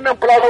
waɗannan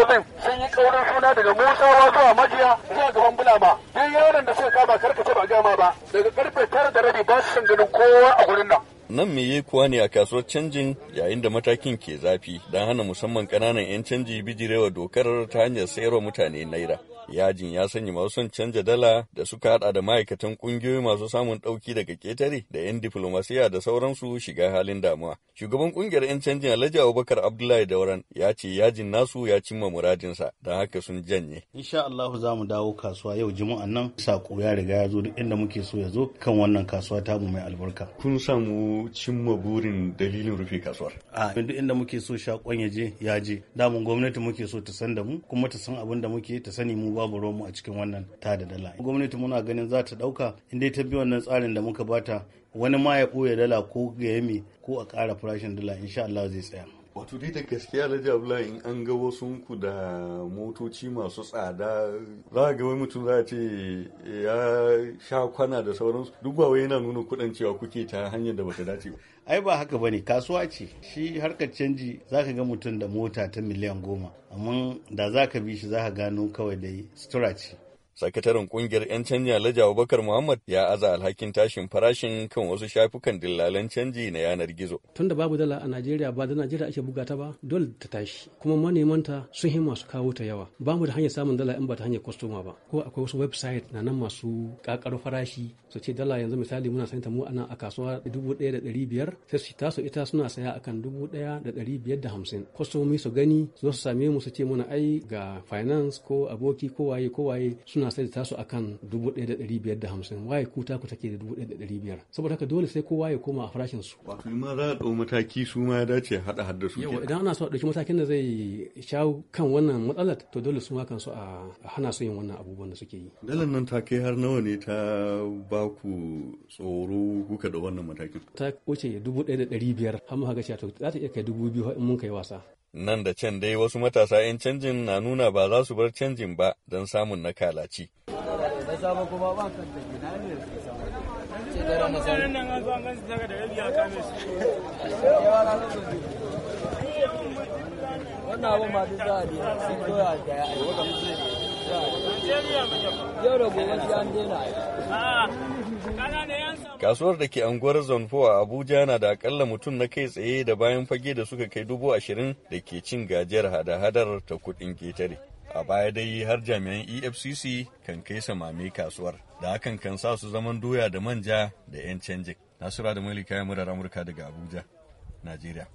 ɗin sun yi ƙaurin suna daga musa wa zuwa majiya zuwa gaban bulama duk yaron da suka kama karkace ba gama ba daga karfe tara da rabi ba su san ganin kowa a gurin nan nan me yi kuwa ne a kasuwar canjin yayin da matakin ke zafi don hana musamman ƙananan 'yan canji bijirewa dokar ta hanyar sayarwa mutane naira Yajin ya sanya masu son canja dala da suka hada da ma'aikatan kungiyoyi masu samun ɗauki daga ketare da 'yan diflomasiya da sauransu shiga halin damuwa. Shugaban kungiyar 'yan canjin Alhaji Abubakar Abdullahi Dauran ya ce yajin nasu ya cimma muradinsa don haka sun janye. Insha Allahu za mu dawo kasuwa yau juma'a nan sako ya riga ya zo duk inda muke so ya zo kan wannan kasuwa ta mu mai albarka. Kun samu cimma burin dalilin rufe kasuwar. A duk inda muke so shakon ya je ya je. Damun gwamnati muke so ta san da mu kuma ta san abin da muke ta sani mu babu romo a cikin wannan ta da dala gwamnati muna ganin za ta ɗauka inda ta bi wannan tsarin da muka bata wani ma ya ɓoye dala ko ga yami ko a ƙara farashin dala insha Allah zai tsaya wato dai da gaskiya da abdullahi in an ga wasu ku da motoci masu tsada za ga wai mutum za a ce ya sha kwana da sauransu duk ba wai yana nuna kuɗin cewa kuke ta hanyar da bata dace ba ai ba haka bane kasuwa ce shi harkar canji zaka ga mutum da mota ta miliyan goma amma da zaka bi shi zaka gano kawai dai sutura Sakataren kungiyar 'yan canji Alhaji Abubakar Muhammad ya aza alhakin tashin farashin kan wasu shafukan dillalan canji na yanar gizo. Tunda babu dala a Najeriya ba da Najeriya ake buga ta ba dole ta tashi kuma manemanta sun yi masu kawo ta yawa. Ba mu da hanyar samun dala in ba ta hanyar kwastoma ba. Ko akwai wasu website na nan masu kakar farashi su ce dala yanzu misali muna sayan ta mu ana a kasuwa dubu ɗaya da ɗari biyar sai su taso ita suna saya akan dubu ɗaya da ɗari biyar da hamsin. Kwastomomi su gani su zo su same mu su ce mana ai ga finance ko aboki ko waye ko waye suna ana sai da tasu akan dubu ɗaya da ɗari biyar da hamsin ku take da dubu da biyar saboda haka dole sai kowa ya koma a farashin su. wato ma za a ɗau mataki su ma ya dace haɗa hadda su. yawa idan ana so a ɗauki matakin da zai shawo kan wannan matsalar to dole su ma kan su a hana su yin wannan abubuwan da suke yi. dalar nan ta kai har nawa ne ta ba ku tsoro kuka da wannan matakin. ta wuce dubu ɗaya da ɗari biyar har mu haka cewa za ta iya kai dubu in mun kai wasa. Nan da can dai wasu matasa 'yan canjin na nuna ba za su bar canjin ba don samun na kalaci. Wannan abin ma duk za a biya, sun doya da ya aiki. Kasuwar da ke anguwar Zonfo a Abuja na da akalla mutum na kai tsaye da bayan fage da suka kai dubu ashirin da ke cin gajiyar hada-hadar ta kudin ketare. A baya dai har jami'an EFCC kan kai samame kasuwar, da hakan kan sa su zaman doya da manja da 'yan canji. Nasura da Malika ya murar Amurka daga Abuja, Najeriya.